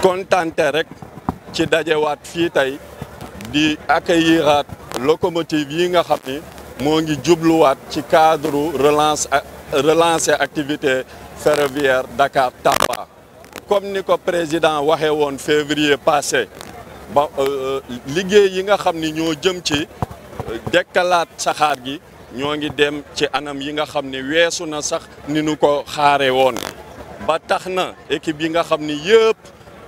kontante rek ci dajewaat fii tey di accueilliraat locomotive yi nga xam ni moo ngi jubluwaat ci cadre relance activité ferroviaire Dakar Tamba. comme ni ko président waxee woon février passé ba euh, euh, liggéey yi nga xam ni ñoo jëm ci euh, dekkalaat saxaar gi ñoo ngi dem ci anam yi nga xam ni weesu na sax ni nu ko xaare woon ba tax na équipe yi nga xam ni yëpp.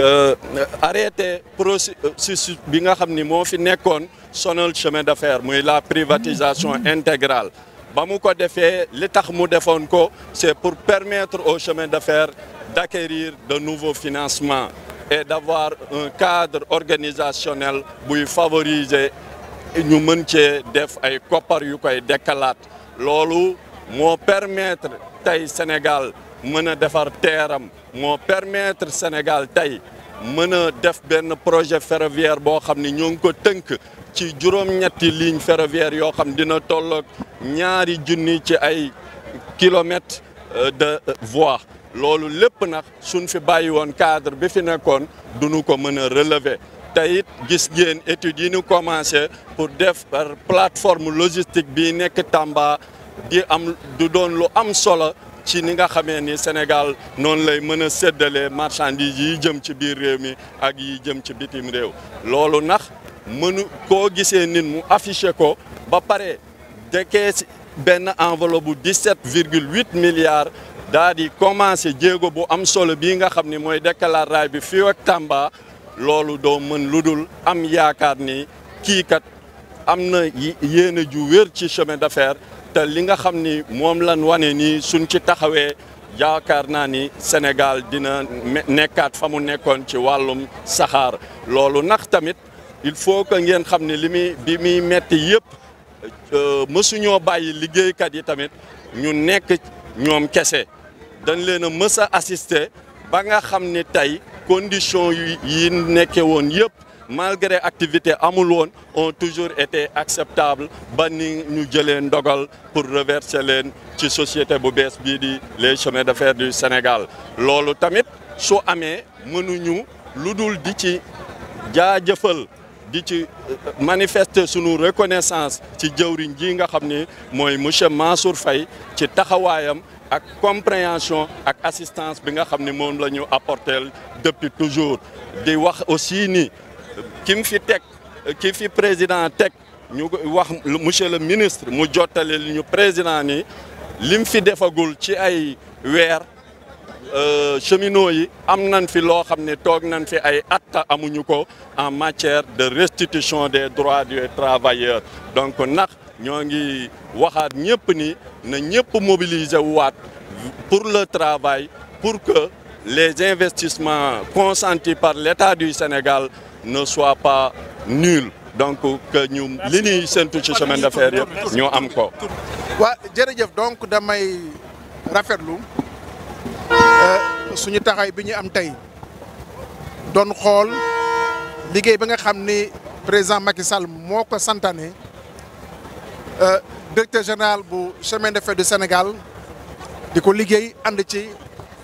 le euh, euh, processus bi nga xamni mo fi chemin d'affaires, la privatisation intégrale Ce mu ko defee li tax ko c'est pour permettre au chemin d'affaires d'acquérir de nouveaux financements et d'avoir un cadre organisationnel qui favoriser les mën qui def ay copar yu koy dekkalaat lolu permettre tay Sénégal mën a defar teeram moo permettre Sénégal tay mën def ben projet ferroviaire bo xamni ni ko teunk ci juroom ñetti ligne ferroviaire yo xam dina tolloog ñaari junni ci ay kilomètres euh, de euh, voie lolu lepp nak suñ fi bàyyi woon cadre bi fi nekkoon duñu ko mën relever tayit gis ngeen étude yi ñu commencé pour def par plateforme logistique bi nekk Tamba di am du doon lu am solo ci ni nga xamé ni Sénégal non lay mëna sédalé marchandise yi jëm ci biir réew mi ak yi jëm ci bitim réew lolu nax mënu ko gisé nit mu afficher ko ba paré décaissé ben enveloppe 17,8 milliards daa di commencé djégo bu am solo bi nga xamné moy déclarer Dekalaat bi fi ak Tamba lolu do mën ludul am yaakaar ni ki kat amna na ju wër ci chemin d'affaires te li nga xam ni moom lan wane nii suñ ci taxawee yaakaar naa ni Sénégal dina nekkaat fa mu nekkoon ci wàllum saxaar loolu nax tamit il faut que ngeen xam ne li muy bi muy metti yëpp euh, mësuñoo bàyyi liggéeykat yi tamit ñu nekk ñoom kese dañ leen a mës a assister ba nga xam ni tey condition yi nekke woon yëpp malgré activité amul ont toujours été acceptables ba ni ñu pour reverser leen ci société bu les chemins d'affaires du Sénégal loolu tamit su amee mënuñu lu dul di ci jaajëfal di ci euh, manifester sunu reconnaissance ci jëwriñ ji nga xam ni monsieur Mansour Faye ci taxawaayam ak compréhension ak assistance bi nga xam ni depuis toujours di wax aussi ni kim fi ki président monsieur le ministre mu président ni lim fi defagul ci ay euh, cheminots yi fi en matière de restitution des droits du travailleurs donc nous mobiliser pour le travail pour que les investissements consentis par l'État du Sénégal ne soient pas nuls. donc que ñu li ñuy séntu ci chemin d'affaires, fer yëpp ñu am ko. vais jërëjëf donc damay rafetlu euh, suñu taxaw bi ñu am tey doon xool liggéey nga xamni président Macky Sall moko ko euh directeur général bu chemin d'affaires du Sénégal diko liguey and ci.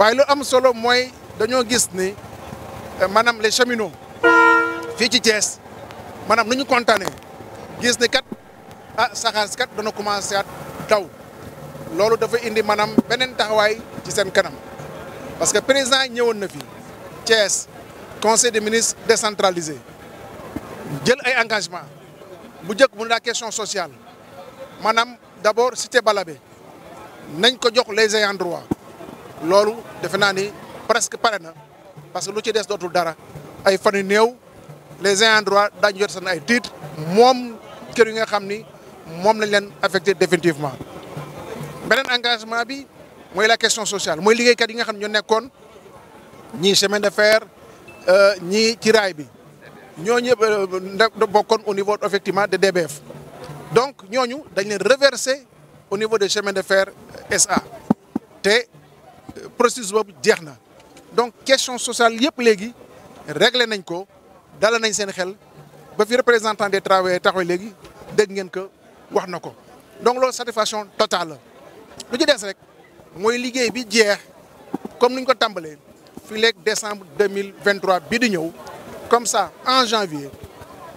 waaye lu am solo mooy dañoo gis ni eh, maanaam les cheminots fii ci Thiès maanaam gis ni kat ah saxaar si kat dana commencé at daw loolu dafa indi maanaam ci kanam parce que président ñëwoon na fi Thiès conseil des ministres décentralisé jël ay engagement bu njëkk mu la question sociale maanaam d'abord cité Balabé nañ ko jox les loolu defena ni presque de parce que lu ci dess dotul dara ay fan new les ayants droit dañ jot seen ay titre mom keur yi nga xamni mom lañ leen affecté définitivement. Mais engagement bi moy la question sociale mooy kat yi nga xam ñu ñoo ñi chemin de fer ni euh, ci raay bi ñoo ñëpp euh, au niveau effectivement de DBF donc ñooñu dañ leen reversé au niveau de chemin de fer SA té processus boobu jeex donc question sociale yep léegi régler nañ ko dala nañ seen xel ba fi représentant des travailleurs taxaw léegi dégg ngeen ko wax na ko donc lo satisfaction totale la lu ci dess rek moy liguey bi jeex comme niñ ko tambalé fi léegi décembre 2023 bi di ñew comme ça en janvier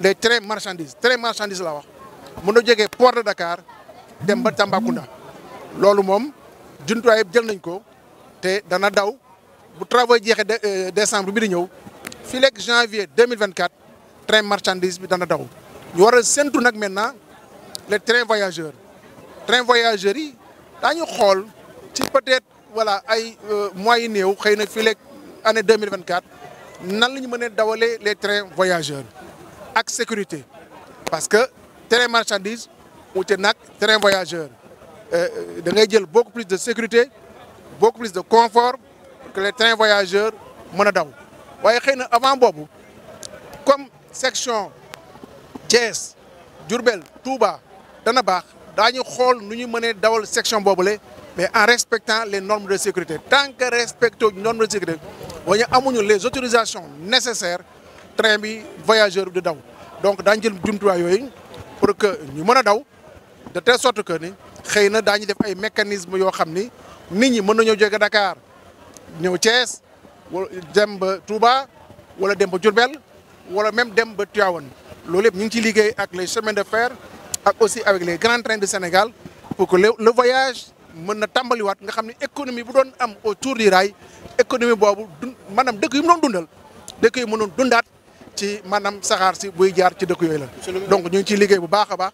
les trains marchandises trains marchandises la wax mën na jógee port de Dakar dem ba Tambacounda lolu mom jumtuwaay yëpp jël nañ ko dans dana daw bu euh, décembre bi di janvier 2024 train marchandise bi dana daw ñu war maintenant les trains voyageurs train voyageurs Le train xool ci peut-être voilà ay euh, mois yi néew xëy na année 2024 nan la ñu mën les trains voyageurs avec sécurité parce que train marchandise wute un train voyageur Il euh, ngay jël beaucoup plus de sécurité beaucoup plus de confort pour que les trains voyageurs Vous voyez, Mais avant bobo comme section Jess, Durbel, Touba dana nous avons xool nu ñu section bobolé mais en respectant les normes de sécurité tant que respectons les normes de sécurité nous avons les autorisations nécessaires pour les trains voyageurs. daw donc dans jël jumtuwaay yooyu pour que nous puissions de telle sorte que ni avons des mécanismes qui nit ñi mën nañoo jóge Dakar ñëw Thiès wala dem ba Touba wala dem ba Diourbel wala même dem ba Tivaouane loolu yëpp ñu ngi ciy liggéey ak les chemins de fer ak aussi avec les grands trains du Sénégal pour que le voyage mën na tàmbaliwaat nga xam ne économie bu doon am autour du rail économie boobu dun maanaam dëkk yu mu doon dundal dëkk yu mënoon dundaat ci maanaam saxaar si buy jaar ci dëkk yooy la donc ñu ngi ciy liggéey bu baax a baax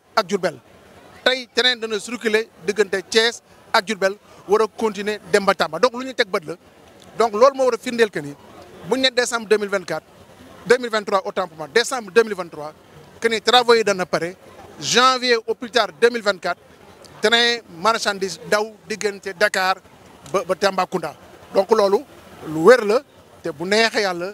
ak Diourbel tey train dana de diggante Thiès ak djourbel wara continuer dem ba Tamba donc luñu tek bëd la donc lool mo wara findel firndeel que ni bu ñu décembre 2024 2023 temps pour moi décembre 2023 que ni travaux dans le janvier au plus tard 2024 tenen marchandise daw diggante Dakar ba ba donc loolu lu wër la té bu neexee yalla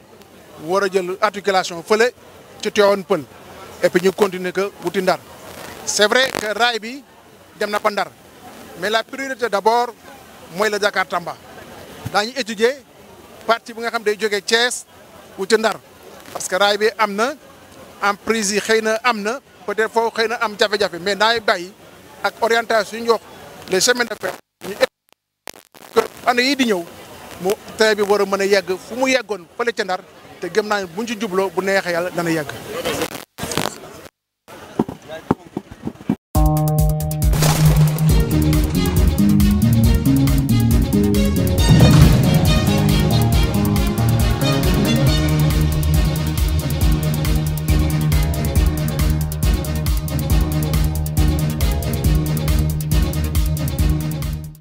wara jël articulation feulé ci téwone peul et puis ñu continuer que wuti Ndar c'est vrai que ray bi dem na ba Ndar mais la priorité d'abord moy la Dakar Tamba dañu étudier parti bi nga xam day joggé Thiès wuti Ndar parce que ray bi amna en prise xeyna amna peut-être faut xeyna am jafé jafé mais daay bàyyi ak orientation yi ñu les chemins de fer ñu année yi di ñew mo train bi wara mëna yegg fu mu yeggoon fële ci Ndar te gem naa ne buñ ci jubloo bu neexee yàlla dana yàgg